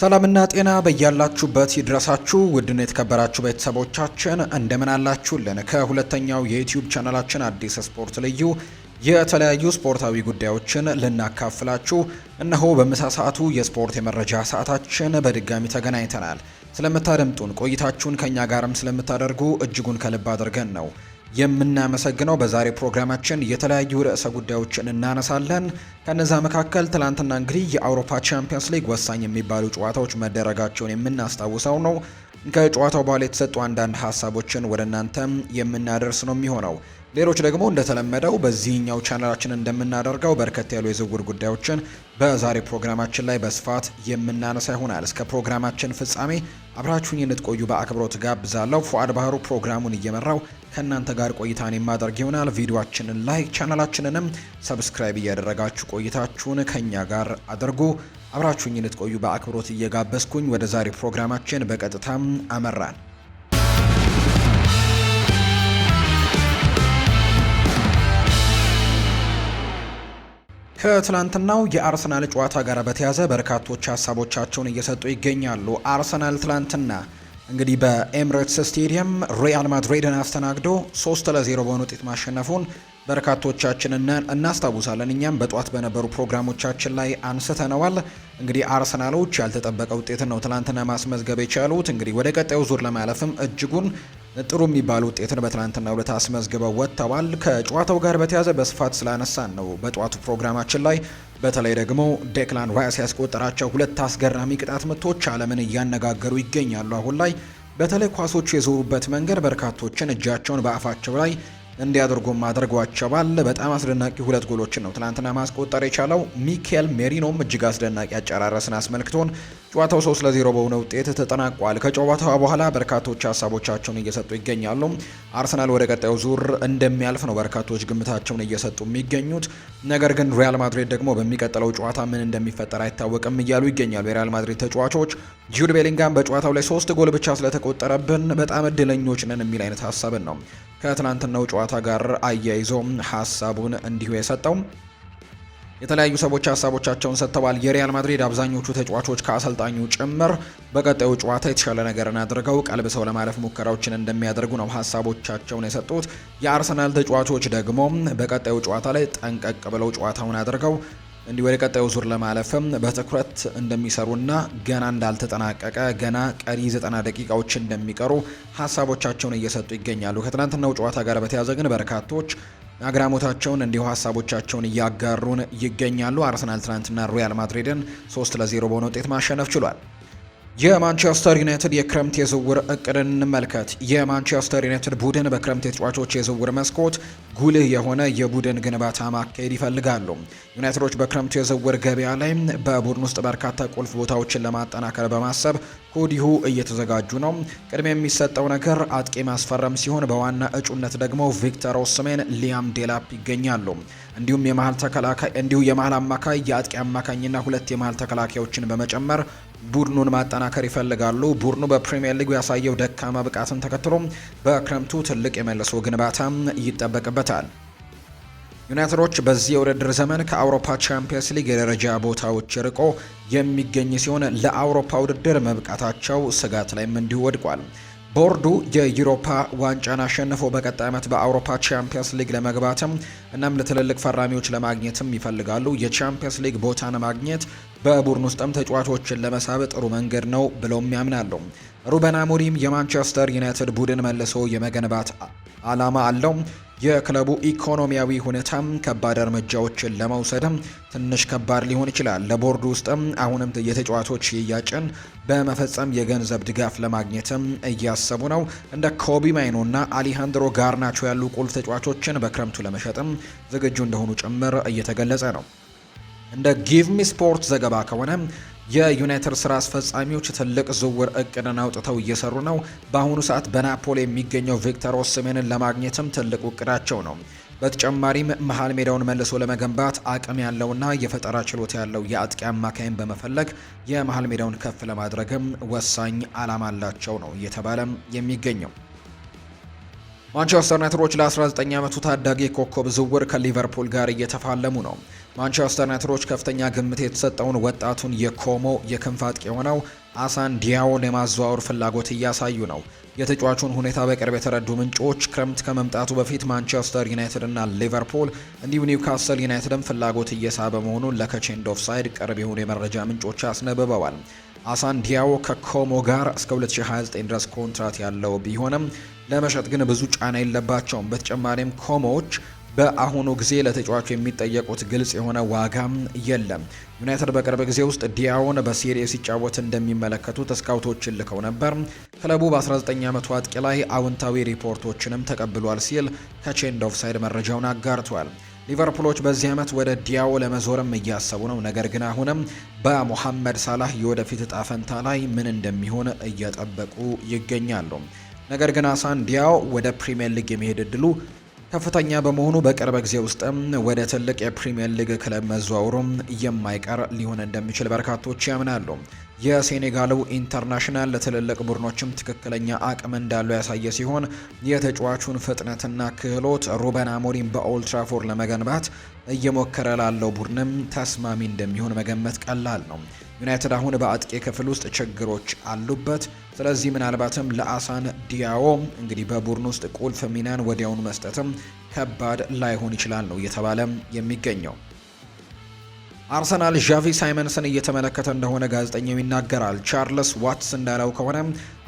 ሰላምና ጤና በያላችሁበት ይድረሳችሁ ውድን የተከበራችሁ ቤተሰቦቻችን እንደምን አላችሁልን? ከሁለተኛው የዩትዩብ ቻናላችን አዲስ ስፖርት ልዩ የተለያዩ ስፖርታዊ ጉዳዮችን ልናካፍላችሁ እነሆ በምሳ ሰዓቱ የስፖርት የመረጃ ሰዓታችን በድጋሚ ተገናኝተናል። ስለምታደምጡን ቆይታችሁን ከእኛ ጋርም ስለምታደርጉ እጅጉን ከልብ አድርገን ነው የምናመሰግነው። በዛሬ ፕሮግራማችን የተለያዩ ርዕሰ ጉዳዮችን እናነሳለን። ከነዛ መካከል ትላንትና እንግዲህ የአውሮፓ ቻምፒየንስ ሊግ ወሳኝ የሚባሉ ጨዋታዎች መደረጋቸውን የምናስታውሰው ነው። ከጨዋታው በኋላ የተሰጡ አንዳንድ ሀሳቦችን ወደ እናንተም የምናደርስ ነው የሚሆነው። ሌሎች ደግሞ እንደተለመደው በዚህኛው ቻናላችን እንደምናደርገው በርከት ያሉ የዝውውር ጉዳዮችን በዛሬ ፕሮግራማችን ላይ በስፋት የምናነሳ ይሆናል። እስከ ፕሮግራማችን ፍጻሜ አብራችሁኝ እንድትቆዩ በአክብሮት ጋብዛለሁ። ፉአድ ባህሩ ፕሮግራሙን እየመራው ከእናንተ ጋር ቆይታን የማደርግ ይሆናል። ቪዲዮችንን ላይክ፣ ቻናላችንንም ሰብስክራይብ እያደረጋችሁ ቆይታችሁን ከእኛ ጋር አድርጉ። አብራችሁኝ እንድትቆዩ በአክብሮት እየጋበዝኩኝ ወደ ዛሬ ፕሮግራማችን በቀጥታም አመራን። ከትላንትናው የአርሰናል ጨዋታ ጋር በተያዘ በርካቶች ሀሳቦቻቸውን እየሰጡ ይገኛሉ። አርሰናል ትላንትና እንግዲህ በኤምሬትስ ስቴዲየም ሪያል ማድሪድን አስተናግዶ ሶስት ለዜሮ በሆነ ውጤት ማሸነፉን በርካቶቻችን እናስታውሳለን። እኛም በጠዋት በነበሩ ፕሮግራሞቻችን ላይ አንስተነዋል። እንግዲህ አርሰናሎች ያልተጠበቀ ውጤትን ነው ትላንትና ማስመዝገብ የቻሉት። እንግዲህ ወደ ቀጣዩ ዙር ለማለፍም እጅጉን ጥሩ የሚባል ውጤትን በትናንትና ሁለት አስመዝግበው ወጥተዋል። ከጨዋታው ጋር በተያያዘ በስፋት ስላነሳን ነው በጠዋቱ ፕሮግራማችን ላይ በተለይ ደግሞ ዴክላን ራይስ ያስቆጠራቸው ሁለት አስገራሚ ቅጣት ምቶች ዓለምን እያነጋገሩ ይገኛሉ። አሁን ላይ በተለይ ኳሶቹ የዞሩበት መንገድ በርካቶችን እጃቸውን በአፋቸው ላይ እንዲያደርጉም አድርጓቸዋል። በጣም አስደናቂ ሁለት ጎሎችን ነው ትናንትና ማስቆጠር የቻለው። ሚኬል ሜሪኖም እጅግ አስደናቂ አጨራረስን አስመልክቶን ጨዋታው ሶስት ለዜሮ በሆነ ውጤት ተጠናቋል። ከጨዋታው በኋላ በርካቶች ሀሳቦቻቸውን እየሰጡ ይገኛሉ። አርሰናል ወደ ቀጣዩ ዙር እንደሚያልፍ ነው በርካቶች ግምታቸውን እየሰጡ የሚገኙት። ነገር ግን ሪያል ማድሪድ ደግሞ በሚቀጥለው ጨዋታ ምን እንደሚፈጠር አይታወቅም እያሉ ይገኛሉ የሪያል ማድሪድ ተጫዋቾች። ጁድ ቤሊንጋም በጨዋታው ላይ ሶስት ጎል ብቻ ስለተቆጠረብን በጣም እድለኞች ነን የሚል አይነት ሀሳብን ነው ከትናንትናው ጨዋታ ጋር አያይዞ ሀሳቡን እንዲሁ የሰጠው የተለያዩ ሰዎች ሀሳቦቻቸውን ሰጥተዋል። የሪያል ማድሪድ አብዛኞቹ ተጫዋቾች ከአሰልጣኙ ጭምር በቀጣዩ ጨዋታ የተሻለ ነገርን አድርገው ቀልብ ሰው ለማለፍ ሙከራዎችን እንደሚያደርጉ ነው ሀሳቦቻቸውን የሰጡት። የአርሰናል ተጫዋቾች ደግሞ በቀጣዩ ጨዋታ ላይ ጠንቀቅ ብለው ጨዋታውን አድርገው እንዲህ ወደ ቀጣዩ ዙር ለማለፍም በትኩረት እንደሚሰሩና ገና እንዳልተጠናቀቀ ገና ቀሪ ዘጠና ደቂቃዎች እንደሚቀሩ ሀሳቦቻቸውን እየሰጡ ይገኛሉ። ከትናንትናው ጨዋታ ጋር በተያያዘ ግን በርካቶች አግራሞታቸውን እንዲሁ ሀሳቦቻቸውን እያጋሩን ይገኛሉ። አርሰናል ትናንትና ሮያል ማድሪድን ሶስት ለዜሮ በሆነ ውጤት ማሸነፍ ችሏል። የማንቸስተር ዩናይትድ የክረምት የዝውውር እቅድን እንመልከት። የማንቸስተር ዩናይትድ ቡድን በክረምት የተጫዋቾች የዝውውር መስኮት ጉልህ የሆነ የቡድን ግንባታ ማካሄድ ይፈልጋሉ። ዩናይትዶች በክረምቱ የዝውውር ገበያ ላይ በቡድን ውስጥ በርካታ ቁልፍ ቦታዎችን ለማጠናከር በማሰብ ከወዲሁ እየተዘጋጁ ነው። ቅድሚያ የሚሰጠው ነገር አጥቂ ማስፈረም ሲሆን በዋና እጩነት ደግሞ ቪክተር ኦስሜን፣ ሊያም ዴላፕ ይገኛሉ። እንዲሁም የመሀል ተከላካይ እንዲሁ የመሀል አማካይ፣ የአጥቂ አማካኝና ሁለት የመሀል ተከላካዮችን በመጨመር ቡድኑን ማጠናከር ይፈልጋሉ። ቡድኑ በፕሪምየር ሊጉ ያሳየው ደካማ ብቃትን ተከትሎ በክረምቱ ትልቅ የመልሶ ግንባታ ይጠበቅበታል። ዩናይትዶች በዚህ የውድድር ዘመን ከአውሮፓ ቻምፒየንስ ሊግ የደረጃ ቦታዎች ርቆ የሚገኝ ሲሆን ለአውሮፓ ውድድር መብቃታቸው ስጋት ላይም እንዲሁ ወድቋል። ቦርዱ የዩሮፓ ዋንጫን አሸንፎ በቀጣይ ዓመት በአውሮፓ ቻምፒየንስ ሊግ ለመግባትም እናም ለትልልቅ ፈራሚዎች ለማግኘትም ይፈልጋሉ። የቻምፒየንስ ሊግ ቦታን ማግኘት በቡድን ውስጥም ተጫዋቾችን ለመሳብ ጥሩ መንገድ ነው ብለውም ያምናሉ። ሩበን አሞሪም የማንቸስተር ዩናይትድ ቡድን መልሶ የመገንባት ዓላማ አለው። የክለቡ ኢኮኖሚያዊ ሁኔታም ከባድ እርምጃዎችን ለመውሰድም ትንሽ ከባድ ሊሆን ይችላል። ለቦርድ ውስጥም አሁንም የተጫዋቾች ሽያጭን በመፈጸም የገንዘብ ድጋፍ ለማግኘትም እያሰቡ ነው። እንደ ኮቢ ማይኖና አሊሃንድሮ ጋርናቾ ያሉ ቁልፍ ተጫዋቾችን በክረምቱ ለመሸጥም ዝግጁ እንደሆኑ ጭምር እየተገለጸ ነው። እንደ ጊቭሚ ስፖርት ዘገባ ከሆነ የዩናይትድ ስራ አስፈጻሚዎች ትልቅ ዝውውር እቅድን አውጥተው እየሰሩ ነው። በአሁኑ ሰዓት በናፖል የሚገኘው ቪክተር ኦስሜንን ለማግኘትም ትልቅ እቅዳቸው ነው። በተጨማሪም መሀል ሜዳውን መልሶ ለመገንባት አቅም ያለውና የፈጠራ ችሎታ ያለው የአጥቂ አማካይን በመፈለግ የመሀል ሜዳውን ከፍ ለማድረግም ወሳኝ ዓላማ አላቸው ነው እየተባለም የሚገኘው። ማንቸስተር ዩናይትዶች ለ19 ዓመቱ ታዳጊ ኮከብ ዝውውር ከሊቨርፑል ጋር እየተፋለሙ ነው። ማንቸስተር ዩናይትዶች ከፍተኛ ግምት የተሰጠውን ወጣቱን የኮሞ የክንፍ አጥቂ የሆነው አሳን ዲያውን የማዘዋወር ፍላጎት እያሳዩ ነው። የተጫዋቹን ሁኔታ በቅርብ የተረዱ ምንጮች ክረምት ከመምጣቱ በፊት ማንቸስተር ዩናይትድ እና ሊቨርፑል እንዲሁም ኒውካስል ዩናይትድም ፍላጎት እየሳበ መሆኑን ለከቼንድ ኦፍ ሳይድ ቅርብ የሆኑ የመረጃ ምንጮች አስነብበዋል። አሳን ዲያዎ ከኮሞ ጋር እስከ 2029 ድረስ ኮንትራት ያለው ቢሆንም ለመሸጥ ግን ብዙ ጫና የለባቸውም። በተጨማሪም ኮሞዎች በአሁኑ ጊዜ ለተጫዋቹ የሚጠየቁት ግልጽ የሆነ ዋጋም የለም። ዩናይትድ በቅርብ ጊዜ ውስጥ ዲያውን በሴሪኤ ሲጫወት እንደሚመለከቱ ተስካውቶችን ልከው ነበር። ክለቡ በ19 ዓመቱ አጥቂ ላይ አውንታዊ ሪፖርቶችንም ተቀብሏል ሲል ከቼንድ ኦፍ ሳይድ መረጃውን አጋርቷል። ሊቨርፑሎች በዚህ ዓመት ወደ ዲያው ለመዞርም እያሰቡ ነው። ነገር ግን አሁንም በሞሐመድ ሳላህ የወደፊት እጣ ፈንታ ላይ ምን እንደሚሆን እየጠበቁ ይገኛሉ። ነገር ግን አሳን ዲያው ወደ ፕሪምየር ሊግ የመሄድ እድሉ ከፍተኛ በመሆኑ በቅርብ ጊዜ ውስጥም ወደ ትልቅ የፕሪምየር ሊግ ክለብ መዘዋወሩም የማይቀር ሊሆን እንደሚችል በርካቶች ያምናሉ። የሴኔጋሉ ኢንተርናሽናል ለትልልቅ ቡድኖችም ትክክለኛ አቅም እንዳለው ያሳየ ሲሆን የተጫዋቹን ፍጥነትና ክህሎት ሩበን አሞሪም በኦልትራፎር ለመገንባት እየሞከረ ላለው ቡድንም ተስማሚ እንደሚሆን መገመት ቀላል ነው። ዩናይትድ አሁን በአጥቂ ክፍል ውስጥ ችግሮች አሉበት። ስለዚህ ምናልባትም ለአሳን ዲያዎ እንግዲህ በቡድን ውስጥ ቁልፍ ሚናን ወዲያውን መስጠትም ከባድ ላይሆን ይችላል ነው እየተባለ የሚገኘው። አርሰናል ዣቪ ሳይመንስን እየተመለከተ እንደሆነ ጋዜጠኛው ይናገራል። ቻርልስ ዋትስ እንዳለው ከሆነ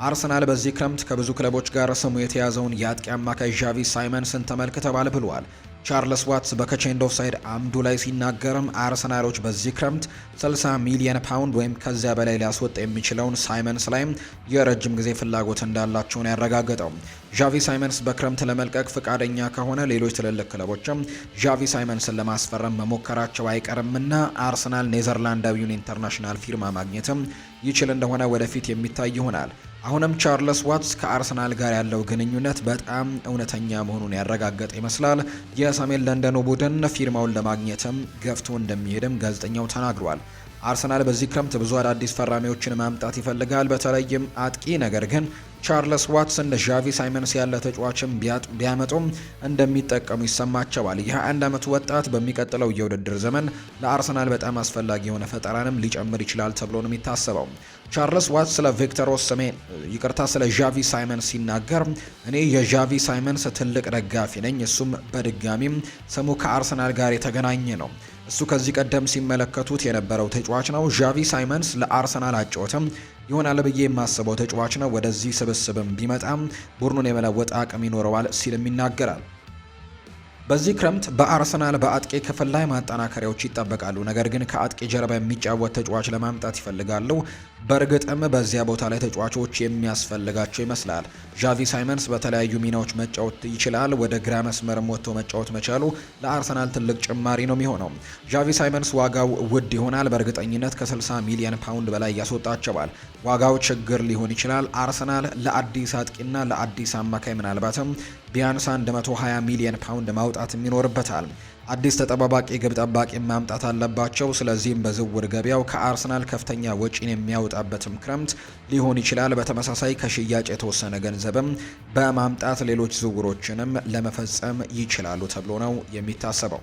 አርሰናል በዚህ ክረምት ከብዙ ክለቦች ጋር ስሙ የተያዘውን የአጥቂ አማካይ ዣቪ ሳይመንስን ተመልክተባል ብሏል። ቻርልስ ዋትስ በከቼንዶ ሳይድ አምዱ ላይ ሲናገርም አርሰናሎች በዚህ ክረምት 60 ሚሊየን ፓውንድ ወይም ከዚያ በላይ ሊያስወጣ የሚችለውን ሳይመንስ ላይም የረጅም ጊዜ ፍላጎት እንዳላቸውን ያረጋገጠው ዣቪ ሳይመንስ በክረምት ለመልቀቅ ፍቃደኛ ከሆነ ሌሎች ትልልቅ ክለቦችም ዣቪ ሳይመንስን ለማስፈረም መሞከራቸው አይቀርምና አርሰናል ኔዘርላንዳዊውን ኢንተርናሽናል ፊርማ ማግኘትም ይችል እንደሆነ ወደፊት የሚታይ ይሆናል። አሁንም ቻርለስ ዋትስ ከአርሰናል ጋር ያለው ግንኙነት በጣም እውነተኛ መሆኑን ያረጋገጠ ይመስላል። የሰሜን ለንደኑ ቡድን ፊርማውን ለማግኘትም ገፍቶ እንደሚሄድም ጋዜጠኛው ተናግሯል። አርሰናል በዚህ ክረምት ብዙ አዳዲስ ፈራሚዎችን ማምጣት ይፈልጋል። በተለይም አጥቂ ነገር ግን ቻርለስ ዋትስ እንደ ዣቪ ሳይመንስ ያለ ተጫዋችን ቢያመጡም እንደሚጠቀሙ ይሰማቸዋል። የ21 ዓመቱ ወጣት በሚቀጥለው የውድድር ዘመን ለአርሰናል በጣም አስፈላጊ የሆነ ፈጠራንም ሊጨምር ይችላል ተብሎ ነው የሚታሰበው። ቻርለስ ዋትስ ስለ ቪክተር ኦስሜን ይቅርታ፣ ስለ ዣቪ ሳይመንስ ሲናገር እኔ የዣቪ ሳይመንስ ትልቅ ደጋፊ ነኝ፣ እሱም በድጋሚም ስሙ ከአርሰናል ጋር የተገናኘ ነው እሱ ከዚህ ቀደም ሲመለከቱት የነበረው ተጫዋች ነው። ዣቪ ሳይመንስ ለአርሰናል አጫወትም ይሆናል ብዬ የማስበው ተጫዋች ነው። ወደዚህ ስብስብም ቢመጣም ቡድኑን የመለወጥ አቅም ይኖረዋል ሲልም ይናገራል። በዚህ ክረምት በአርሰናል በአጥቂ ክፍል ላይ ማጠናከሪያዎች ይጠበቃሉ። ነገር ግን ከአጥቂ ጀርባ የሚጫወት ተጫዋች ለማምጣት ይፈልጋሉ። በእርግጥም በዚያ ቦታ ላይ ተጫዋቾች የሚያስፈልጋቸው ይመስላል። ዣቪ ሳይመንስ በተለያዩ ሚናዎች መጫወት ይችላል። ወደ ግራ መስመርም ወጥቶ መጫወት መቻሉ ለአርሰናል ትልቅ ጭማሪ ነው የሚሆነው። ዣቪ ሳይመንስ ዋጋው ውድ ይሆናል። በእርግጠኝነት ከ60 ሚሊዮን ፓውንድ በላይ ያስወጣቸዋል። ዋጋው ችግር ሊሆን ይችላል። አርሰናል ለአዲስ አጥቂና ለአዲስ አማካይ ምናልባትም ቢያንስ 120 ሚሊዮን ፓውንድ ማውጣት ይኖርበታል። አዲስ ተጠባባቂ ግብ ጠባቂ ማምጣት አለባቸው። ስለዚህም በዝውውር ገበያው ከአርሰናል ከፍተኛ ወጪን የሚያወጣበትም ክረምት ሊሆን ይችላል። በተመሳሳይ ከሽያጭ የተወሰነ ገንዘብም በማምጣት ሌሎች ዝውውሮችንም ለመፈጸም ይችላሉ ተብሎ ነው የሚታሰበው።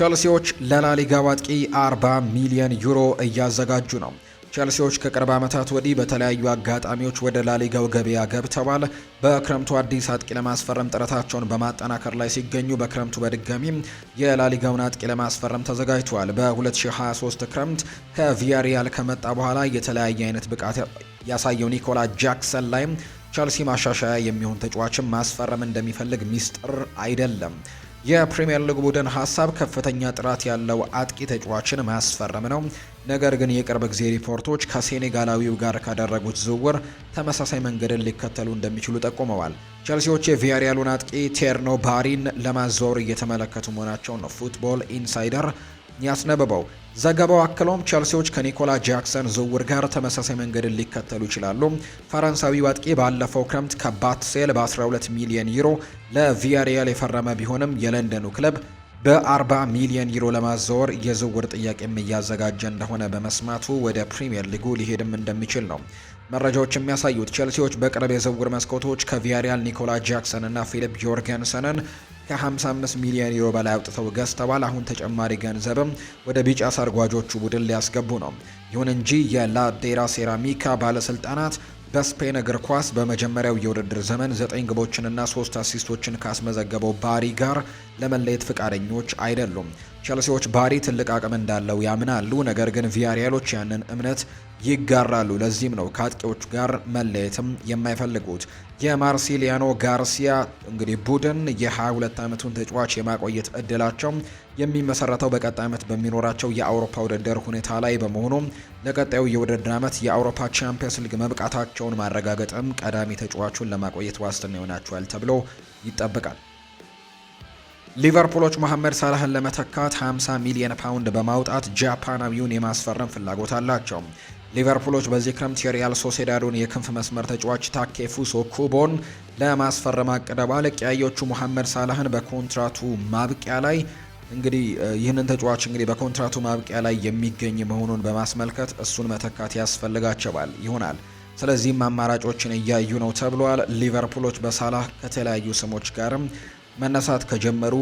ቸልሲዎች ለላሊጋ ዋጥቂ 40 ሚሊዮን ዩሮ እያዘጋጁ ነው። ቸልሲዎች ከቅርብ ዓመታት ወዲህ በተለያዩ አጋጣሚዎች ወደ ላሊጋው ገበያ ገብተዋል። በክረምቱ አዲስ አጥቂ ለማስፈረም ጥረታቸውን በማጠናከር ላይ ሲገኙ በክረምቱ በድጋሚም የላሊጋውን አጥቂ ለማስፈረም ተዘጋጅተዋል። በ2023 ክረምት ከቪያሪያል ከመጣ በኋላ የተለያየ አይነት ብቃት ያሳየው ኒኮላ ጃክሰን ላይም ቸልሲ ማሻሻያ የሚሆን ተጫዋችን ማስፈረም እንደሚፈልግ ሚስጥር አይደለም። የፕሪምየር ሊግ ቡድን ሀሳብ ከፍተኛ ጥራት ያለው አጥቂ ተጫዋችን ማስፈረም ነው። ነገር ግን የቅርብ ጊዜ ሪፖርቶች ከሴኔጋላዊው ጋር ካደረጉት ዝውውር ተመሳሳይ መንገድን ሊከተሉ እንደሚችሉ ጠቁመዋል። ቸልሲዎች የቪያሪያሉን አጥቂ ቴርኖ ባሪን ለማዘወር እየተመለከቱ መሆናቸውን ነው ፉትቦል ኢንሳይደር ያስነበበው። ዘገባው አክለውም ቸልሲዎች ከኒኮላ ጃክሰን ዝውውር ጋር ተመሳሳይ መንገድን ሊከተሉ ይችላሉ። ፈረንሳዊ አጥቂ ባለፈው ክረምት ከባትሴል በ12 ሚሊዮን ዩሮ ለቪያሪያል የፈረመ ቢሆንም የለንደኑ ክለብ በ40 ሚሊዮን ዩሮ ለማዘወር የዝውውር ጥያቄም እያዘጋጀ እንደሆነ በመስማቱ ወደ ፕሪምየር ሊጉ ሊሄድም እንደሚችል ነው መረጃዎች የሚያሳዩት። ቸልሲዎች በቅርብ የዝውውር መስኮቶች ከቪያሪያል ኒኮላ ጃክሰን እና ፊሊፕ ጆርገንሰንን ከ55 ሚሊዮን ዩሮ በላይ አውጥተው ገዝተዋል። አሁን ተጨማሪ ገንዘብም ወደ ቢጫ ሰርጓጆቹ ቡድን ሊያስገቡ ነው። ይሁን እንጂ የላዴራ ሴራሚካ ባለስልጣናት በስፔን እግር ኳስ በመጀመሪያው የውድድር ዘመን ዘጠኝ ግቦችንና ሶስት አሲስቶችን ካስመዘገበው ባሪ ጋር ለመለየት ፈቃደኞች አይደሉም። ቸልሲዎች ባሪ ትልቅ አቅም እንዳለው ያምናሉ። ነገር ግን ቪያሪያሎች ያንን እምነት ይጋራሉ። ለዚህም ነው ከአጥቂዎች ጋር መለየትም የማይፈልጉት። የማርሲሊያኖ ጋርሲያ እንግዲህ ቡድን የ22 ዓመቱን ተጫዋች የማቆየት እድላቸው የሚመሰረተው በቀጣይ ዓመት በሚኖራቸው የአውሮፓ ውድድር ሁኔታ ላይ በመሆኑ ለቀጣዩ የውድድር ዓመት የአውሮፓ ቻምፒየንስ ሊግ መብቃታቸውን ማረጋገጥም ቀዳሚ ተጫዋቹን ለማቆየት ዋስትና ይሆናቸዋል ተብሎ ይጠበቃል። ሊቨርፑሎች መሐመድ ሳላህን ለመተካት 50 ሚሊዮን ፓውንድ በማውጣት ጃፓናዊውን የማስፈረም ፍላጎት አላቸው። ሊቨርፑሎች በዚህ ክረምት የሪያል ሶሴዳዱን የክንፍ መስመር ተጫዋች ታኬፉሶ ኩቦን ለማስፈረም አቅደዋል። ቀያዮቹ መሐመድ ሳላህን በኮንትራቱ ማብቂያ ላይ እንግዲህ ይህንን ተጫዋች እንግዲህ በኮንትራቱ ማብቂያ ላይ የሚገኝ መሆኑን በማስመልከት እሱን መተካት ያስፈልጋቸዋል ይሆናል። ስለዚህም አማራጮችን እያዩ ነው ተብሏል። ሊቨርፑሎች በሳላህ ከተለያዩ ስሞች ጋርም መነሳት ከጀመሩ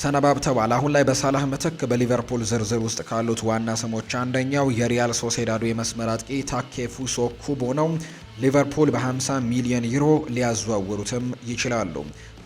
ሰነባብተዋል። አሁን ላይ በሳላህ ምትክ በሊቨርፑል ዝርዝር ውስጥ ካሉት ዋና ስሞች አንደኛው የሪያል ሶሴዳዶ የመስመር አጥቂ ታኬፉሶ ኩቦ ነው። ሊቨርፑል በ50 ሚሊዮን ዩሮ ሊያዘዋውሩትም ይችላሉ።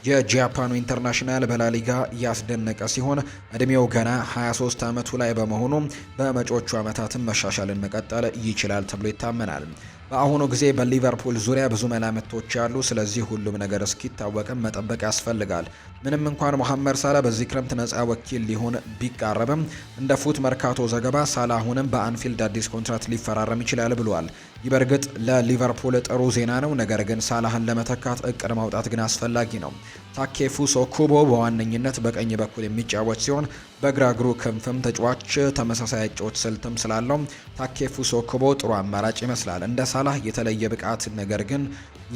የጃፓኑ ኢንተርናሽናል በላሊጋ ያስደነቀ ሲሆን እድሜው ገና 23 ዓመቱ ላይ በመሆኑ በመጪዎቹ ዓመታትም መሻሻልን መቀጠል ይችላል ተብሎ ይታመናል። በአሁኑ ጊዜ በሊቨርፑል ዙሪያ ብዙ መላምቶች አሉ። ስለዚህ ሁሉም ነገር እስኪታወቅም መጠበቅ ያስፈልጋል። ምንም እንኳን መሐመድ ሳላ በዚህ ክረምት ነፃ ወኪል ሊሆን ቢቃረብም እንደ ፉት መርካቶ ዘገባ ሳላ አሁንም በአንፊልድ አዲስ ኮንትራት ሊፈራረም ይችላል ብሏል። ይህ በእርግጥ ለሊቨርፑል ጥሩ ዜና ነው። ነገር ግን ሳላህን ለመተካት እቅድ ማውጣት ግን አስፈላጊ ነው። ታኬፉሶ ኩቦ በዋነኝነት በቀኝ በኩል የሚጫወት ሲሆን በግራ እግሩ ክንፍም ተጫዋች ተመሳሳይ አጨዋወት ስልትም ስላለው ታኬፉሶ ኩቦ ጥሩ አማራጭ ይመስላል። እንደ ሳላህ የተለየ ብቃት ነገር ግን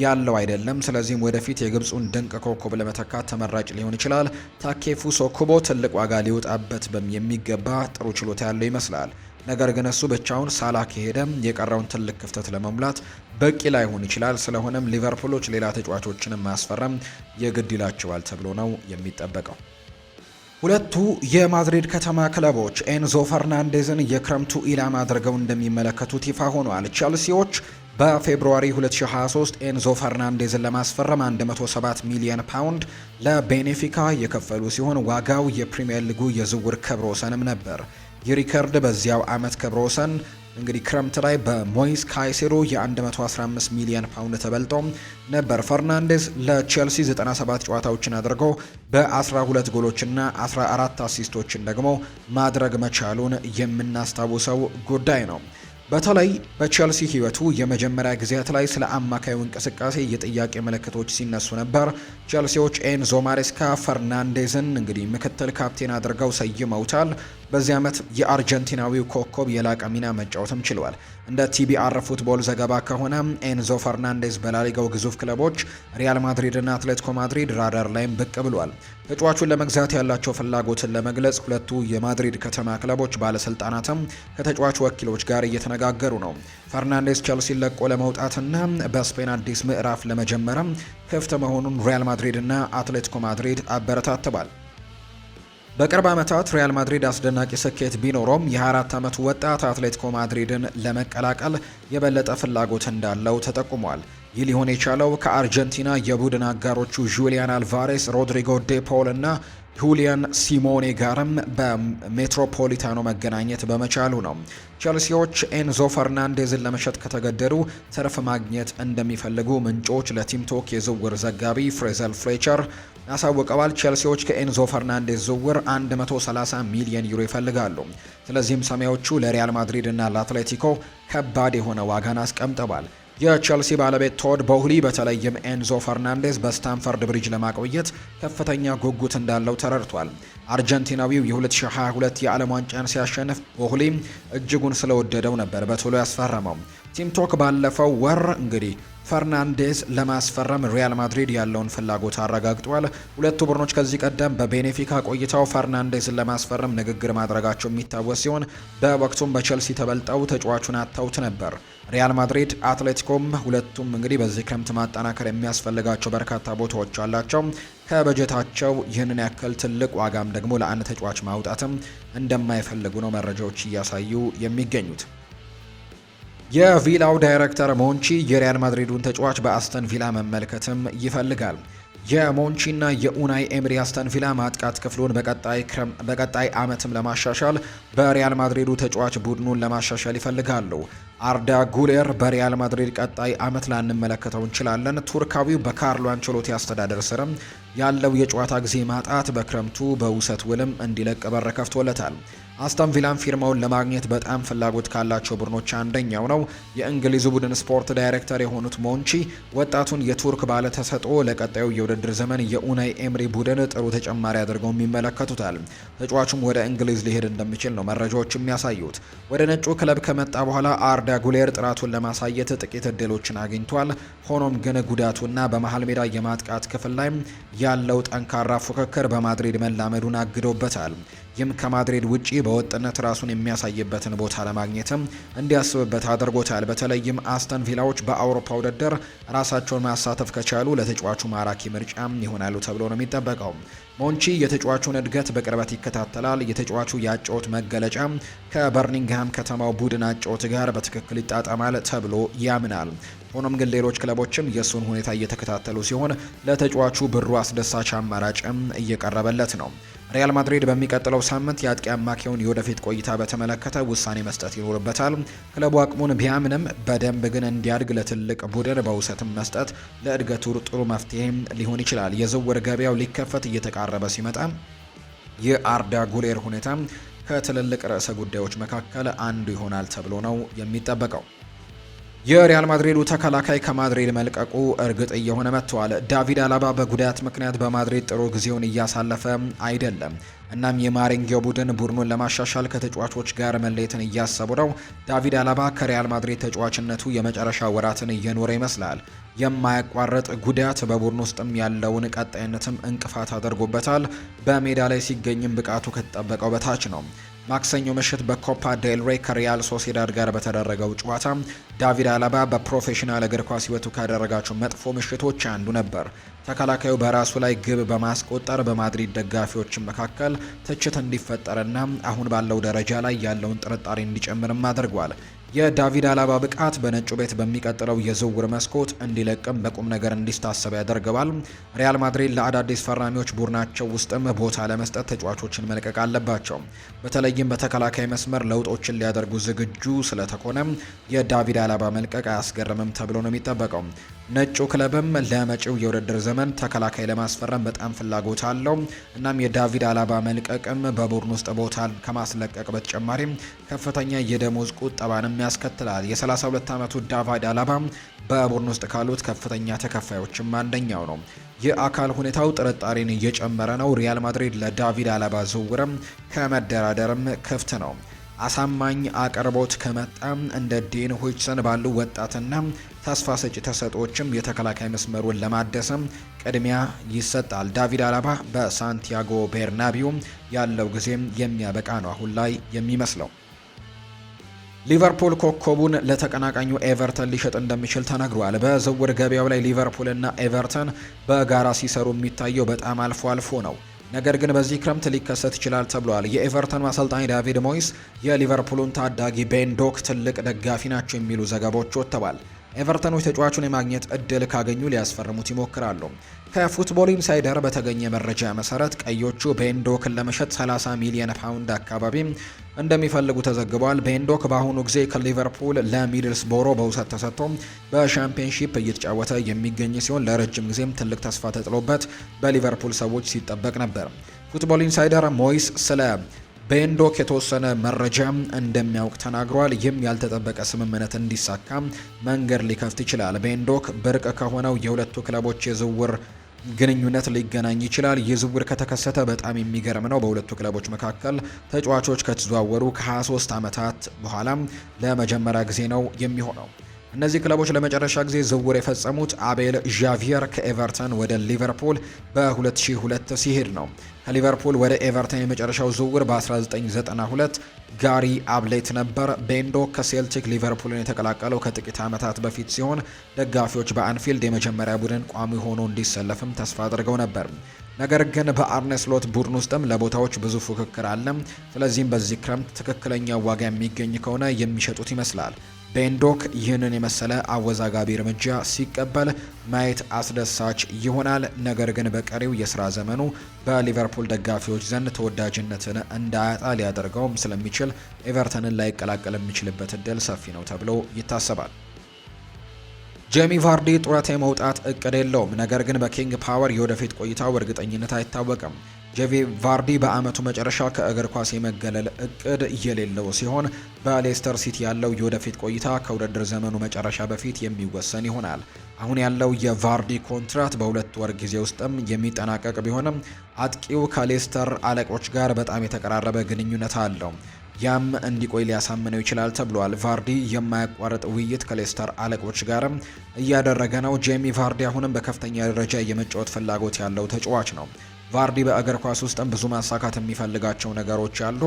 ያለው አይደለም። ስለዚህም ወደፊት የግብፁን ድንቅ ኮከብ ለመተካት ተመራጭ ሊሆን ይችላል። ታኬፉሶ ኩቦ ትልቅ ዋጋ ሊወጣበት የሚገባ ጥሩ ችሎታ ያለው ይመስላል። ነገር ግን እሱ ብቻውን ሳላ ከሄደ የቀረውን ትልቅ ክፍተት ለመሙላት በቂ ላይሆን ይችላል። ስለሆነም ሊቨርፑሎች ሌላ ተጫዋቾችን ማስፈረም የግድ ይላቸዋል ተብሎ ነው የሚጠበቀው። ሁለቱ የማድሪድ ከተማ ክለቦች ኤንዞ ፈርናንዴዝን የክረምቱ ኢላማ አድርገው እንደሚመለከቱት ይፋ ሆኗል። ቼልሲዎች በፌብሩዋሪ 2023 ኤንዞ ፈርናንዴዝን ለማስፈረም 107 ሚሊዮን ፓውንድ ለቤኔፊካ የከፈሉ ሲሆን ዋጋው የፕሪምየር ሊጉ የዝውውር ክብረ ወሰንም ነበር። ይህ ሪከርድ በዚያው ዓመት ክብረ ወሰን እንግዲህ ክረምት ላይ በሞይስ ካይሴሮ የ115 ሚሊዮን ፓውንድ ተበልጦ ነበር። ፈርናንዴስ ለቼልሲ 97 ጨዋታዎችን አድርጎ በ12 ጎሎችና 14 አሲስቶችን ደግሞ ማድረግ መቻሉን የምናስታውሰው ጉዳይ ነው። በተለይ በቼልሲ ህይወቱ የመጀመሪያ ጊዜያት ላይ ስለ አማካዩ እንቅስቃሴ የጥያቄ ምልክቶች ሲነሱ ነበር። ቼልሲዎች ኤንዞ ማሬስካ ፈርናንዴዝን እንግዲህ ምክትል ካፕቴን አድርገው ሰይመውታል። በዚህ ዓመት የአርጀንቲናዊው ኮከብ የላቀ ሚና መጫወትም ችሏል። እንደ ቲቢአር ፉትቦል ዘገባ ከሆነ ኤንዞ ፈርናንዴዝ በላሊጋው ግዙፍ ክለቦች ሪያል ማድሪድና አትሌቲኮ ማድሪድ ራዳር ላይም ብቅ ብሏል። ተጫዋቹን ለመግዛት ያላቸው ፍላጎትን ለመግለጽ ሁለቱ የማድሪድ ከተማ ክለቦች ባለስልጣናትም ከተጫዋቹ ወኪሎች ጋር እየተነጋገሩ ነው። ፈርናንዴዝ ቸልሲን ለቆ ለመውጣትና በስፔን አዲስ ምዕራፍ ለመጀመርም ክፍት መሆኑን ሪያል ማድሪድና አትሌቲኮ ማድሪድ አበረታተባል። በቅርብ ዓመታት ሪያል ማድሪድ አስደናቂ ስኬት ቢኖረውም የ24 ዓመቱ ወጣት አትሌቲኮ ማድሪድን ለመቀላቀል የበለጠ ፍላጎት እንዳለው ተጠቁሟል። ይህ ሊሆን የቻለው ከአርጀንቲና የቡድን አጋሮቹ ጁሊያን አልቫሬስ፣ ሮድሪጎ ዴፖል እና ሁሊያን ሲሞኔ ጋርም በሜትሮፖሊታኖ መገናኘት በመቻሉ ነው። ቸልሲዎች ኤንዞ ፈርናንዴዝን ለመሸጥ ከተገደዱ ትርፍ ማግኘት እንደሚፈልጉ ምንጮች ለቲምቶክ የዝውውር ዘጋቢ ፍሬዘል ፍሌቸር አሳውቀዋል። ቸልሲዎች ከኤንዞ ፈርናንዴዝ ዝውውር 130 ሚሊዮን ዩሮ ይፈልጋሉ። ስለዚህም ሰማያዎቹ ለሪያል ማድሪድ እና ለአትሌቲኮ ከባድ የሆነ ዋጋን አስቀምጠዋል። የቸልሲ ባለቤት ቶድ ቦህሊ በተለይም ኤንዞ ፈርናንዴዝ በስታንፈርድ ብሪጅ ለማቆየት ከፍተኛ ጉጉት እንዳለው ተረድቷል። አርጀንቲናዊው የ2022 የዓለም ዋንጫን ሲያሸንፍ ቦህሊ እጅጉን ስለወደደው ነበር በቶሎ ያስፈረመው። ቲም ቶክ ባለፈው ወር እንግዲህ ፈርናንዴስ ለማስፈረም ሪያል ማድሪድ ያለውን ፍላጎት አረጋግጧል። ሁለቱ ቡድኖች ከዚህ ቀደም በቤኔፊካ ቆይታው ፈርናንዴስ ለማስፈረም ንግግር ማድረጋቸው የሚታወስ ሲሆን በወቅቱም በቸልሲ ተበልጠው ተጫዋቹን አጥተውት ነበር። ሪያል ማድሪድ አትሌቲኮም ሁለቱም እንግዲህ በዚህ ክረምት ማጠናከር የሚያስፈልጋቸው በርካታ ቦታዎች አላቸው። ከበጀታቸው ይህንን ያክል ትልቅ ዋጋም ደግሞ ለአንድ ተጫዋች ማውጣትም እንደማይፈልጉ ነው መረጃዎች እያሳዩ የሚገኙት። የቪላው ዳይሬክተር ሞንቺ የሪያል ማድሪዱን ተጫዋች በአስተን ቪላ መመልከትም ይፈልጋል። የሞንቺና የኡናይ ኤምሪ አስተን ቪላ ማጥቃት ክፍሉን በቀጣይ ዓመትም ለማሻሻል በሪያል ማድሪዱ ተጫዋች ቡድኑን ለማሻሻል ይፈልጋሉ። አርዳ ጉሌር በሪያል ማድሪድ ቀጣይ ዓመት ላንመለከተው እንችላለን። ቱርካዊው በካርሎ አንቸሎቲ አስተዳደር ስርም ያለው የጨዋታ ጊዜ ማጣት በክረምቱ በውሰት ውልም እንዲለቅ በር ከፍቶለታል። አስተን ቪላን ፊርማውን ለማግኘት በጣም ፍላጎት ካላቸው ቡድኖች አንደኛው ነው። የእንግሊዙ ቡድን ስፖርት ዳይሬክተር የሆኑት ሞንቺ ወጣቱን የቱርክ ባለተሰጥኦ ለቀጣዩ የውድድር ዘመን የኡናይ ኤምሪ ቡድን ጥሩ ተጨማሪ አድርገው ይመለከቱታል። ተጫዋቹም ወደ እንግሊዝ ሊሄድ እንደሚችል ነው መረጃዎች የሚያሳዩት። ወደ ነጩ ክለብ ከመጣ በኋላ አርዳ ጉሌር ጥራቱን ለማሳየት ጥቂት እድሎችን አግኝቷል። ሆኖም ግን ጉዳቱና በመሀል ሜዳ የማጥቃት ክፍል ላይ ያለው ጠንካራ ፉክክር በማድሪድ መላመዱን አግዶበታል። ይህም ከማድሪድ ውጪ በወጥነት ራሱን የሚያሳይበትን ቦታ ለማግኘትም እንዲያስብበት አድርጎታል። በተለይም አስተን ቪላዎች በአውሮፓ ውድድር ራሳቸውን ማሳተፍ ከቻሉ ለተጫዋቹ ማራኪ ምርጫም ይሆናሉ ተብሎ ነው የሚጠበቀው። ሞንቺ የተጫዋቹን እድገት በቅርበት ይከታተላል። የተጫዋቹ የአጨዋወት መገለጫ ከበርኒንግሃም ከተማው ቡድን አጨዋወት ጋር በትክክል ይጣጣማል ተብሎ ያምናል። ሆኖም ግን ሌሎች ክለቦችም የእሱን ሁኔታ እየተከታተሉ ሲሆን፣ ለተጫዋቹ ብሩ አስደሳች አማራጭም እየቀረበለት ነው። ሪያል ማድሪድ በሚቀጥለው ሳምንት የአጥቂ አማካዩን የወደፊት ቆይታ በተመለከተ ውሳኔ መስጠት ይኖርበታል። ክለቡ አቅሙን ቢያምንም በደንብ ግን እንዲያድግ ለትልቅ ቡድን በውሰትም መስጠት ለእድገቱ ጥሩ መፍትሄም ሊሆን ይችላል። የዝውውር ገበያው ሊከፈት እየተቃረበ ሲመጣ የአርዳ ጉሌር ሁኔታ ከትልልቅ ርዕሰ ጉዳዮች መካከል አንዱ ይሆናል ተብሎ ነው የሚጠበቀው። የሪያል ማድሪዱ ተከላካይ ከማድሪድ መልቀቁ እርግጥ እየሆነ መጥተዋል። ዳቪድ አላባ በጉዳት ምክንያት በማድሪድ ጥሩ ጊዜውን እያሳለፈ አይደለም። እናም የማሪንጌው ቡድን ቡድኑን ለማሻሻል ከተጫዋቾች ጋር መለየትን እያሰቡ ነው። ዳቪድ አላባ ከሪያል ማድሪድ ተጫዋችነቱ የመጨረሻ ወራትን እየኖረ ይመስላል። የማያቋርጥ ጉዳት በቡድን ውስጥም ያለውን ቀጣይነትም እንቅፋት አድርጎበታል። በሜዳ ላይ ሲገኝም ብቃቱ ከተጠበቀው በታች ነው። ማክሰኞ ምሽት በኮፓ ዴልሬ ከሪያል ሶሲዳድ ጋር በተደረገው ጨዋታ ዳቪድ አላባ በፕሮፌሽናል እግር ኳስ ሕይወቱ ካደረጋቸው መጥፎ ምሽቶች አንዱ ነበር። ተከላካዩ በራሱ ላይ ግብ በማስቆጠር በማድሪድ ደጋፊዎች መካከል ትችት እንዲፈጠርና አሁን ባለው ደረጃ ላይ ያለውን ጥርጣሬ እንዲጨምርም አድርጓል። የዳቪድ አላባ ብቃት በነጩ ቤት በሚቀጥለው የዝውውር መስኮት እንዲለቅም በቁም ነገር እንዲታሰብ ያደርገዋል። ሪያል ማድሪድ ለአዳዲስ ፈራሚዎች ቡድናቸው ውስጥም ቦታ ለመስጠት ተጫዋቾችን መልቀቅ አለባቸው። በተለይም በተከላካይ መስመር ለውጦችን ሊያደርጉ ዝግጁ ስለተኮነ የዳቪድ አላባ መልቀቅ አያስገርምም ተብሎ ነው የሚጠበቀው። ነጩ ክለብም ለመጪው የውድድር ዘመን ተከላካይ ለማስፈረም በጣም ፍላጎት አለው። እናም የዳቪድ አላባ መልቀቅም በቡድን ውስጥ ቦታ ከማስለቀቅ በተጨማሪም ከፍተኛ የደሞዝ ቁጠባንም ያስከትላል። የ32 ዓመቱ ዳቪድ አላባ በቡድን ውስጥ ካሉት ከፍተኛ ተከፋዮችም አንደኛው ነው። የአካል ሁኔታው ጥርጣሬን እየጨመረ ነው። ሪያል ማድሪድ ለዳቪድ አላባ ዝውውርም ከመደራደርም ክፍት ነው። አሳማኝ አቅርቦት ከመጣ እንደ ዴን ሆችሰን ባሉ ወጣትና ተስፋ ሰጪ ተሰጦችም የተከላካይ መስመሩን ለማደስም ቅድሚያ ይሰጣል። ዳቪድ አላባ በሳንቲያጎ ቤርናቢው ያለው ጊዜም የሚያበቃ ነው አሁን ላይ የሚመስለው። ሊቨርፑል ኮከቡን ለተቀናቃኙ ኤቨርተን ሊሸጥ እንደሚችል ተነግሯል። በዝውውር ገበያው ላይ ሊቨርፑልና ኤቨርተን በጋራ ሲሰሩ የሚታየው በጣም አልፎ አልፎ ነው። ነገር ግን በዚህ ክረምት ሊከሰት ይችላል ተብሏል። የኤቨርተን አሰልጣኝ ዳቪድ ሞይስ የሊቨርፑሉን ታዳጊ ቤንዶክ ዶክ ትልቅ ደጋፊ ናቸው የሚሉ ዘገባዎች ወጥተዋል። ኤቨርተኖች ተጫዋቹን የማግኘት እድል ካገኙ ሊያስፈርሙት ይሞክራሉ። ከፉትቦል ኢንሳይደር በተገኘ መረጃ መሰረት ቀዮቹ ቤንዶክን ለመሸጥ 30 ሚሊዮን ፓውንድ አካባቢ እንደሚፈልጉ ተዘግቧል። ቤንዶክ በአሁኑ ጊዜ ከሊቨርፑል ለሚድልስቦሮ በውሰት ተሰጥቶ በሻምፒየንሺፕ እየተጫወተ የሚገኝ ሲሆን ለረጅም ጊዜም ትልቅ ተስፋ ተጥሎበት በሊቨርፑል ሰዎች ሲጠበቅ ነበር። ፉትቦል ኢንሳይደር ሞይስ ስለ በኤንዶክ የተወሰነ መረጃ እንደሚያውቅ ተናግሯል። ይህም ያልተጠበቀ ስምምነት እንዲሳካ መንገድ ሊከፍት ይችላል። በኤንዶክ ብርቅ ከሆነው የሁለቱ ክለቦች የዝውውር ግንኙነት ሊገናኝ ይችላል። ይህ ዝውውር ከተከሰተ በጣም የሚገርም ነው። በሁለቱ ክለቦች መካከል ተጫዋቾች ከተዘዋወሩ ከ23 ዓመታት በኋላ ለመጀመሪያ ጊዜ ነው የሚሆነው። እነዚህ ክለቦች ለመጨረሻ ጊዜ ዝውውር የፈጸሙት አቤል ዣቪየር ከኤቨርተን ወደ ሊቨርፑል በ2002 ሲሄድ ነው። ከሊቨርፑል ወደ ኤቨርተን የመጨረሻው ዝውውር በ1992 ጋሪ አብሌት ነበር። ቤንዶ ከሴልቲክ ሊቨርፑልን የተቀላቀለው ከጥቂት ዓመታት በፊት ሲሆን ደጋፊዎች በአንፊልድ የመጀመሪያ ቡድን ቋሚ ሆኖ እንዲሰለፍም ተስፋ አድርገው ነበር። ነገር ግን በአርኔስሎት ቡድን ውስጥም ለቦታዎች ብዙ ፉክክር አለ። ስለዚህም በዚህ ክረምት ትክክለኛ ዋጋ የሚገኝ ከሆነ የሚሸጡት ይመስላል። ቤንዶክ ይህንን የመሰለ አወዛጋቢ እርምጃ ሲቀበል ማየት አስደሳች ይሆናል። ነገር ግን በቀሪው የስራ ዘመኑ በሊቨርፑል ደጋፊዎች ዘንድ ተወዳጅነትን እንዳያጣ ሊያደርገውም ስለሚችል ኤቨርተንን ላይቀላቀል የሚችልበት እድል ሰፊ ነው ተብሎ ይታሰባል። ጄሚ ቫርዲ ጡረታ የመውጣት እቅድ የለውም። ነገር ግን በኪንግ ፓወር የወደፊት ቆይታው እርግጠኝነት አይታወቅም። ጄቪ ቫርዲ በአመቱ መጨረሻ ከእግር ኳስ የመገለል እቅድ የሌለው ሲሆን በሌስተር ሲቲ ያለው የወደፊት ቆይታ ከውድድር ዘመኑ መጨረሻ በፊት የሚወሰን ይሆናል። አሁን ያለው የቫርዲ ኮንትራት በሁለት ወር ጊዜ ውስጥም የሚጠናቀቅ ቢሆንም አጥቂው ከሌስተር አለቆች ጋር በጣም የተቀራረበ ግንኙነት አለው። ያም እንዲቆይ ሊያሳምነው ይችላል ተብሏል። ቫርዲ የማያቋርጥ ውይይት ከሌስተር አለቆች ጋርም እያደረገ ነው። ጄሚ ቫርዲ አሁንም በከፍተኛ ደረጃ የመጫወት ፍላጎት ያለው ተጫዋች ነው። ቫርዲ በእግር ኳስ ውስጥም ብዙ ማሳካት የሚፈልጋቸው ነገሮች አሉ።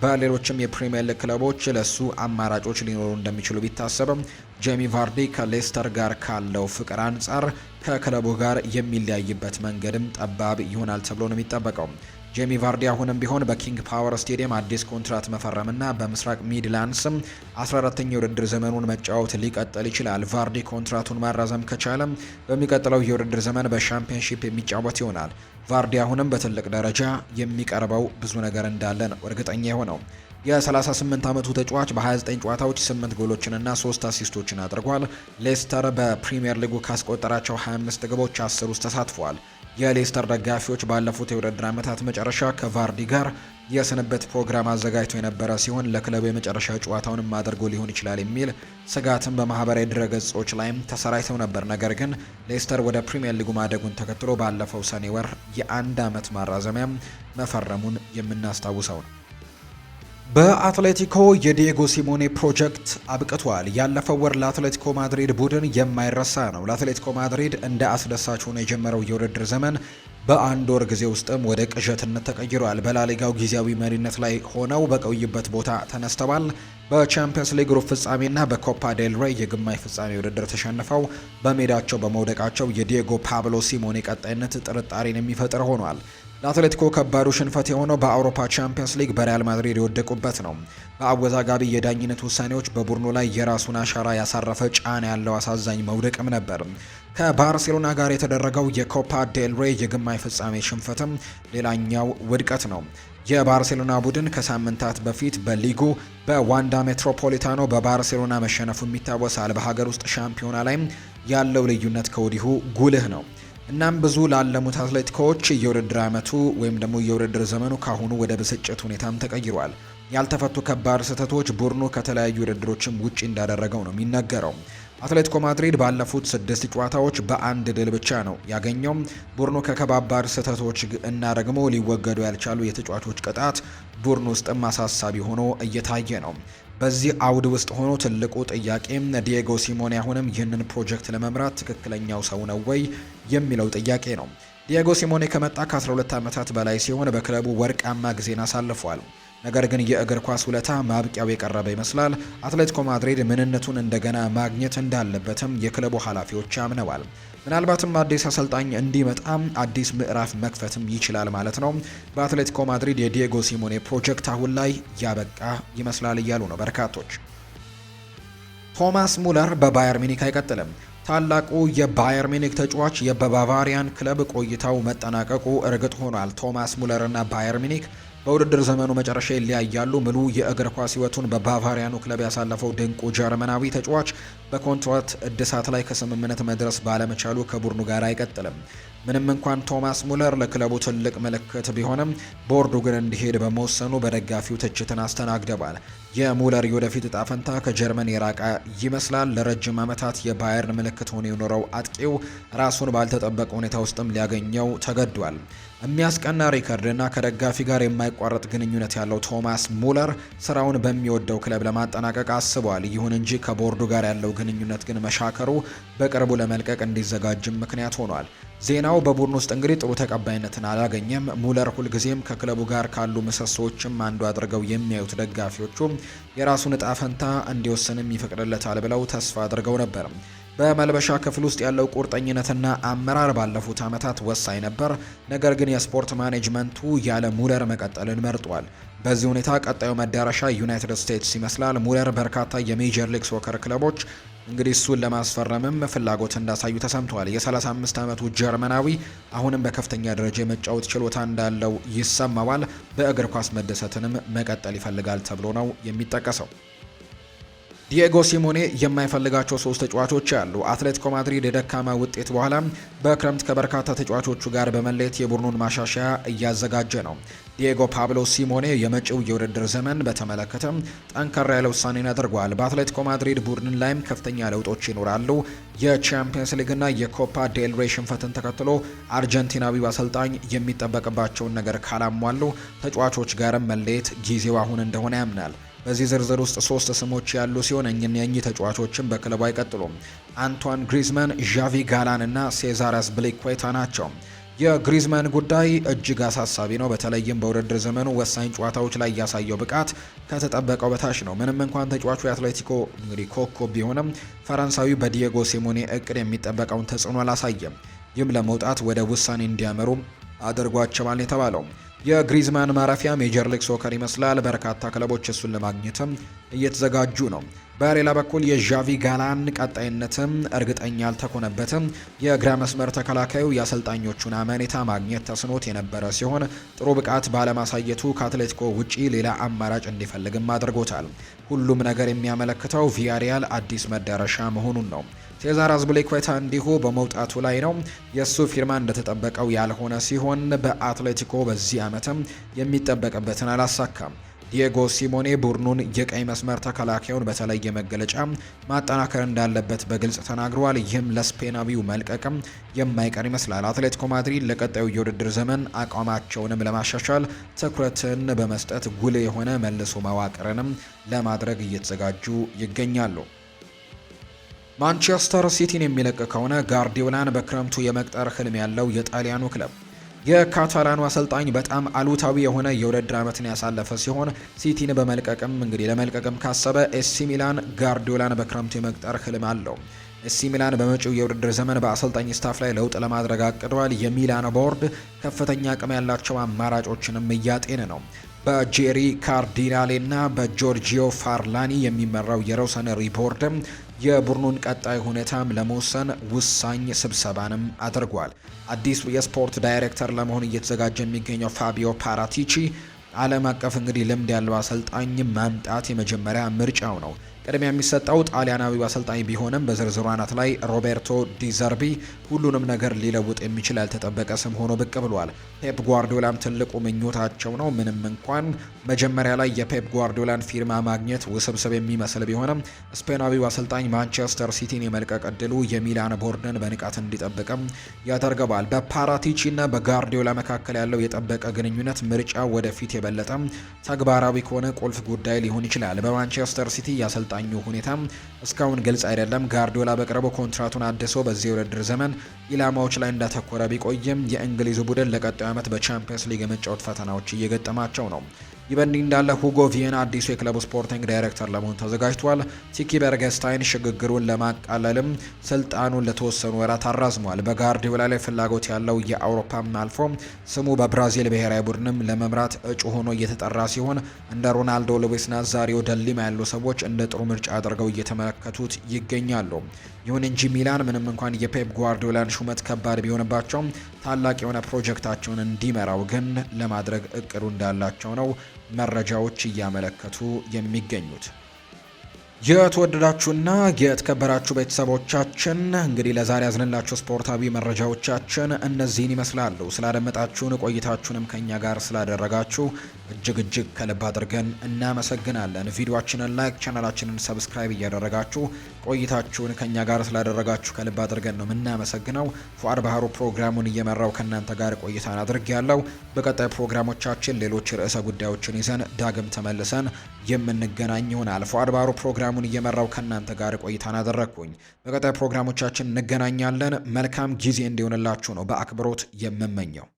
በሌሎችም የፕሪምየር ሊግ ክለቦች ለሱ አማራጮች ሊኖሩ እንደሚችሉ ቢታሰብም ጄሚ ቫርዲ ከሌስተር ጋር ካለው ፍቅር አንጻር ከክለቡ ጋር የሚለያይበት መንገድም ጠባብ ይሆናል ተብሎ ነው የሚጠበቀው። ጄሚ ቫርዲ አሁንም ቢሆን በኪንግ ፓወር ስቴዲየም አዲስ ኮንትራት መፈረምና በምስራቅ ሚድላንድስም 14ተኛ የውድድር ዘመኑን መጫወት ሊቀጥል ይችላል። ቫርዲ ኮንትራቱን ማራዘም ከቻለም በሚቀጥለው የውድድር ዘመን በሻምፒዮንሺፕ የሚጫወት ይሆናል። ቫርዲ አሁንም በትልቅ ደረጃ የሚቀርበው ብዙ ነገር እንዳለ ነው እርግጠኛ የሆነው። የ38 ዓመቱ ተጫዋች በ29 ጨዋታዎች 8 ጎሎችንና 3 አሲስቶችን አድርጓል። ሌስተር በፕሪምየር ሊጉ ካስቆጠራቸው 25 ግቦች 10 ውስጥ ተሳትፏል። የሌስተር ደጋፊዎች ባለፉት የውድድር ዓመታት መጨረሻ ከቫርዲ ጋር የስንበት ፕሮግራም አዘጋጅቶ የነበረ ሲሆን ለክለቡ የመጨረሻ ጨዋታውንም አድርጎ ሊሆን ይችላል የሚል ስጋትን በማህበራዊ ድረገጾች ላይም ተሰራይተው ነበር። ነገር ግን ሌስተር ወደ ፕሪምየር ሊጉ ማደጉን ተከትሎ ባለፈው ሰኔ ወር የአንድ ዓመት ማራዘሚያም መፈረሙን የምናስታውሰው ነው። በአትሌቲኮ የዲየጎ ሲሞኔ ፕሮጀክት አብቅቷል። ያለፈው ወር ለአትሌቲኮ ማድሪድ ቡድን የማይረሳ ነው። ለአትሌቲኮ ማድሪድ እንደ አስደሳች ሆኖ የጀመረው የውድድር ዘመን በአንድ ወር ጊዜ ውስጥም ወደ ቅዠትነት ተቀይሯል። በላሊጋው ጊዜያዊ መሪነት ላይ ሆነው በቆዩበት ቦታ ተነስተዋል። በቻምፒየንስ ሊግ ሩብ ፍጻሜና በኮፓ ዴል ሬይ የግማሽ ፍጻሜ ውድድር ተሸንፈው በሜዳቸው በመውደቃቸው የዲየጎ ፓብሎ ሲሞኔ ቀጣይነት ጥርጣሬን የሚፈጥር ሆኗል። ለአትሌቲኮ ከባዱ ሽንፈት የሆነው በአውሮፓ ቻምፒየንስ ሊግ በሪያል ማድሪድ የወደቁበት ነው። በአወዛጋቢ የዳኝነት ውሳኔዎች በቡድኑ ላይ የራሱን አሻራ ያሳረፈ ጫና ያለው አሳዛኝ መውደቅም ነበር። ከባርሴሎና ጋር የተደረገው የኮፓ ዴል ሬይ የግማሽ ፍጻሜ ሽንፈትም ሌላኛው ውድቀት ነው። የባርሴሎና ቡድን ከሳምንታት በፊት በሊጉ በዋንዳ ሜትሮፖሊታኖ በባርሴሎና መሸነፉ የሚታወሳል። በሀገር ውስጥ ሻምፒዮና ላይም ያለው ልዩነት ከወዲሁ ጉልህ ነው። እናም ብዙ ላለሙት አትሌቲኮዎች የውድድር ዓመቱ ወይም ደግሞ የውድድር ዘመኑ ካሁኑ ወደ ብስጭት ሁኔታም ተቀይሯል። ያልተፈቱ ከባድ ስህተቶች ቡድኑ ከተለያዩ ውድድሮችም ውጪ እንዳደረገው ነው የሚነገረው። አትሌቲኮ ማድሪድ ባለፉት ስድስት ጨዋታዎች በአንድ ድል ብቻ ነው ያገኘው። ቡድኑ ከከባባድ ስህተቶች እና ደግሞ ሊወገዱ ያልቻሉ የተጫዋቾች ቅጣት ቡድኑ ውስጥም አሳሳቢ ሆኖ እየታየ ነው። በዚህ አውድ ውስጥ ሆኖ ትልቁ ጥያቄም ዲየጎ ሲሞኔ አሁንም ይህንን ፕሮጀክት ለመምራት ትክክለኛው ሰው ነው ወይ የሚለው ጥያቄ ነው። ዲየጎ ሲሞኔ ከመጣ ከ12 ዓመታት በላይ ሲሆን በክለቡ ወርቃማ ጊዜን አሳልፏል። ነገር ግን የእግር ኳስ ውለታ ማብቂያው የቀረበ ይመስላል። አትሌቲኮ ማድሪድ ምንነቱን እንደገና ማግኘት እንዳለበትም የክለቡ ኃላፊዎች አምነዋል። ምናልባትም አዲስ አሰልጣኝ እንዲመጣም አዲስ ምዕራፍ መክፈትም ይችላል ማለት ነው። በአትሌቲኮ ማድሪድ የዲየጎ ሲሞኔ ፕሮጀክት አሁን ላይ ያበቃ ይመስላል እያሉ ነው በርካቶች። ቶማስ ሙለር በባየር ሚኒክ አይቀጥልም። ታላቁ የባየር ሚኒክ ተጫዋች የበባቫሪያን ክለብ ቆይታው መጠናቀቁ እርግጥ ሆኗል። ቶማስ ሙለር እና ባየር ሚኒክ በውድድር ዘመኑ መጨረሻ ይለያያሉ። ምሉ የእግር ኳስ ህይወቱን በባቫሪያኑ ክለብ ያሳለፈው ድንቁ ጀርመናዊ ተጫዋች በኮንትራት እድሳት ላይ ከስምምነት መድረስ ባለመቻሉ ከቡድኑ ጋር አይቀጥልም። ምንም እንኳን ቶማስ ሙለር ለክለቡ ትልቅ ምልክት ቢሆንም ቦርዱ ግን እንዲሄድ በመወሰኑ በደጋፊው ትችትን አስተናግደዋል። የሙለር የወደፊት እጣ ፈንታ ከጀርመን የራቀ ይመስላል። ለረጅም ዓመታት የባየርን ምልክት ሆኖ የኖረው አጥቂው ራሱን ባልተጠበቀ ሁኔታ ውስጥም ሊያገኘው ተገዷል። የሚያስቀና ሪከርድና ከደጋፊ ጋር የማይቋረጥ ግንኙነት ያለው ቶማስ ሙለር ስራውን በሚወደው ክለብ ለማጠናቀቅ አስቧል። ይሁን እንጂ ከቦርዱ ጋር ያለው ግንኙነት ግን መሻከሩ በቅርቡ ለመልቀቅ እንዲዘጋጅም ምክንያት ሆኗል። ዜናው በቡድን ውስጥ እንግዲህ ጥሩ ተቀባይነትን አላገኘም። ሙለር ሁልጊዜም ከክለቡ ጋር ካሉ ምሰሶዎችም አንዱ አድርገው የሚያዩት ደጋፊዎቹ የራሱን እጣ ፈንታ እንዲወስንም ይፈቅድለታል ብለው ተስፋ አድርገው ነበር። በመልበሻ ክፍል ውስጥ ያለው ቁርጠኝነትና አመራር ባለፉት ዓመታት ወሳኝ ነበር። ነገር ግን የስፖርት ማኔጅመንቱ ያለ ሙለር መቀጠልን መርጧል። በዚህ ሁኔታ ቀጣዩ መዳረሻ ዩናይትድ ስቴትስ ይመስላል። ሙለር በርካታ የሜጀር ሊግ ሶከር ክለቦች እንግዲህ እሱን ለማስፈረምም ፍላጎት እንዳሳዩ ተሰምተዋል። የ35 ዓመቱ ጀርመናዊ አሁንም በከፍተኛ ደረጃ የመጫወት ችሎታ እንዳለው ይሰማዋል። በእግር ኳስ መደሰትንም መቀጠል ይፈልጋል ተብሎ ነው የሚጠቀሰው። ዲኤጎ ሲሞኔ የማይፈልጋቸው ሶስት ተጫዋቾች አሉ። አትሌቲኮ ማድሪድ የደካማ ውጤት በኋላ በክረምት ከበርካታ ተጫዋቾቹ ጋር በመለየት የቡድኑን ማሻሻያ እያዘጋጀ ነው። ዲኤጎ ፓብሎ ሲሞኔ የመጪው የውድድር ዘመን በተመለከተ ጠንካራ ያለ ውሳኔን አድርጓል። በአትሌቲኮ ማድሪድ ቡድን ላይም ከፍተኛ ለውጦች ይኖራሉ። የቻምፒየንስ ሊግና የኮፓ ዴልሬ ሽንፈትን ተከትሎ አርጀንቲናዊው አሰልጣኝ የሚጠበቅባቸውን ነገር ካላሟሉ ተጫዋቾች ጋርም መለየት ጊዜው አሁን እንደሆነ ያምናል። በዚህ ዝርዝር ውስጥ ሶስት ስሞች ያሉ ሲሆን እኚህ ተጫዋቾችን በክለቡ አይቀጥሉም። አንቷን ግሪዝመን፣ ዣቪ ጋላን እና ሴዛራስ ብሊክዌታ ናቸው። የግሪዝመን ጉዳይ እጅግ አሳሳቢ ነው። በተለይም በውድድር ዘመኑ ወሳኝ ጨዋታዎች ላይ ያሳየው ብቃት ከተጠበቀው በታች ነው። ምንም እንኳን ተጫዋቹ የአትሌቲኮ እንግዲህ ኮከብ ቢሆንም ፈረንሳዊ በዲየጎ ሲሞኔ እቅድ የሚጠበቀውን ተጽዕኖ አላሳየም። ይህም ለመውጣት ወደ ውሳኔ እንዲያመሩ አድርጓቸዋል የተባለው የግሪዝማን ማረፊያ ሜጀር ሊግ ሶከር ይመስላል። በርካታ ክለቦች እሱን ለማግኘትም እየተዘጋጁ ነው። በሌላ በኩል የዣቪ ጋላን ቀጣይነትም እርግጠኛ አልተኮነበትም። የግራ መስመር ተከላካዩ የአሰልጣኞቹን አመኔታ ማግኘት ተስኖት የነበረ ሲሆን ጥሩ ብቃት ባለማሳየቱ ከአትሌቲኮ ውጪ ሌላ አማራጭ እንዲፈልግም አድርጎታል። ሁሉም ነገር የሚያመለክተው ቪያሪያል አዲስ መዳረሻ መሆኑን ነው። ሴዛር አዝብሌኮታ እንዲሁ በመውጣቱ ላይ ነው የሱ ፊርማ እንደተጠበቀው ያልሆነ ሲሆን በአትሌቲኮ በዚህ ዓመትም የሚጠበቅበትን አላሳካም። ዲየጎ ሲሞኔ ቡድኑን የቀኝ መስመር ተከላካዩን በተለየ መገለጫ ማጠናከር እንዳለበት በግልጽ ተናግረዋል። ይህም ለስፔናዊው መልቀቅም የማይቀር ይመስላል። አትሌቲኮ ማድሪድ ለቀጣዩ የውድድር ዘመን አቋማቸውንም ለማሻሻል ትኩረትን በመስጠት ጉልህ የሆነ መልሶ መዋቅርንም ለማድረግ እየተዘጋጁ ይገኛሉ። ማንቸስተር ሲቲን የሚለቅ ከሆነ ጋርዲዮላን በክረምቱ የመቅጠር ህልም ያለው የጣሊያኑ ክለብ የካታላኑ አሰልጣኝ በጣም አሉታዊ የሆነ የውድድር ዓመትን ያሳለፈ ሲሆን ሲቲን በመልቀቅም እንግዲህ ለመልቀቅም ካሰበ ኤሲ ሚላን ጋርዲዮላን በክረምቱ የመቅጠር ህልም አለው። ኤሲ ሚላን በመጪው የውድድር ዘመን በአሰልጣኝ ስታፍ ላይ ለውጥ ለማድረግ አቅደዋል። የሚላን ቦርድ ከፍተኛ አቅም ያላቸው አማራጮችንም እያጤን ነው። በጄሪ ካርዲናሌና በጆርጂዮ ፋርላኒ የሚመራው የሮሰነሪ ቦርድም የቡድኑን ቀጣይ ሁኔታም ለመወሰን ውሳኝ ስብሰባንም አድርጓል። አዲሱ የስፖርት ዳይሬክተር ለመሆን እየተዘጋጀ የሚገኘው ፋቢዮ ፓራቲቺ ዓለም አቀፍ እንግዲህ ልምድ ያለው አሰልጣኝ ማምጣት የመጀመሪያ ምርጫው ነው። ቅድሚያ የሚሰጠው ጣሊያናዊው አሰልጣኝ ቢሆንም በዝርዝሩ አናት ላይ ሮቤርቶ ዲዘርቢ ሁሉንም ነገር ሊለውጥ የሚችል ያልተጠበቀ ስም ሆኖ ብቅ ብሏል። ፔፕ ጓርዲዮላም ትልቁ ምኞታቸው ነው። ምንም እንኳን መጀመሪያ ላይ የፔፕ ጓርዲዮላን ፊርማ ማግኘት ውስብስብ የሚመስል ቢሆንም ስፔናዊው አሰልጣኝ ማንቸስተር ሲቲን የመልቀቅ እድሉ የሚላን ቦርድን በንቃት እንዲጠብቅም ያደርገዋል። በፓራቲቺና በጓርዲዮላ መካከል ያለው የጠበቀ ግንኙነት ምርጫ ወደፊት የበለጠ ተግባራዊ ከሆነ ቁልፍ ጉዳይ ሊሆን ይችላል። በማንቸስተር ሲቲ የአሰልጣኝ የዳኙ ሁኔታም እስካሁን ግልጽ አይደለም። ጋርዲዮላ በቅርቡ ኮንትራቱን አድሶ በዚህ የውድድር ዘመን ኢላማዎች ላይ እንዳተኮረ ቢቆይም የእንግሊዙ ቡድን ለቀጣዩ ዓመት በቻምፒየንስ ሊግ የመጫወት ፈተናዎች እየገጠማቸው ነው። ይህ በእንዲህ እንዳለ ሁጎ ቪየና አዲሱ የክለቡ ስፖርቲንግ ዳይሬክተር ለመሆን ተዘጋጅቷል። ቲኪ በርገስታይን ሽግግሩን ለማቃለልም ስልጣኑን ለተወሰኑ ወራት አራዝሟል። በጋርዲዮላ ላይ ፍላጎት ያለው የአውሮፓም አልፎ ስሙ በብራዚል ብሔራዊ ቡድንም ለመምራት እጩ ሆኖ እየተጠራ ሲሆን እንደ ሮናልዶ ሉዊስና ዛሪዮ ደሊማ ያሉ ሰዎች እንደ ጥሩ ምርጫ አድርገው እየተመለከቱት ይገኛሉ። ይሁን እንጂ ሚላን ምንም እንኳን የፔፕ ጓርዲዮላን ሹመት ከባድ ቢሆንባቸውም ታላቅ የሆነ ፕሮጀክታቸውን እንዲመራው ግን ለማድረግ እቅዱ እንዳላቸው ነው መረጃዎች እያመለከቱ የሚገኙት። የተወደዳችሁና የተከበራችሁ ቤተሰቦቻችን እንግዲህ ለዛሬ ያዝንላችሁ ስፖርታዊ መረጃዎቻችን እነዚህን ይመስላሉ። ስላደመጣችሁን ቆይታችሁንም ከኛ ጋር ስላደረጋችሁ እጅግ እጅግ ከልብ አድርገን እናመሰግናለን። ቪዲዮችንን ላይክ፣ ቻናላችንን ሰብስክራይብ እያደረጋችሁ ቆይታችሁን ከእኛ ጋር ስላደረጋችሁ ከልብ አድርገን ነው የምናመሰግነው። ፏር ባህሩ ፕሮግራሙን እየመራው ከእናንተ ጋር ቆይታን አድርግ ያለው። በቀጣይ ፕሮግራሞቻችን ሌሎች ርዕሰ ጉዳዮችን ይዘን ዳግም ተመልሰን የምንገናኝ ይሆናል። ፏር ባህሩ ፕሮግራሙን እየመራው ከእናንተ ጋር ቆይታን አደረግኩኝ። በቀጣይ ፕሮግራሞቻችን እንገናኛለን። መልካም ጊዜ እንዲሆንላችሁ ነው በአክብሮት የምመኘው።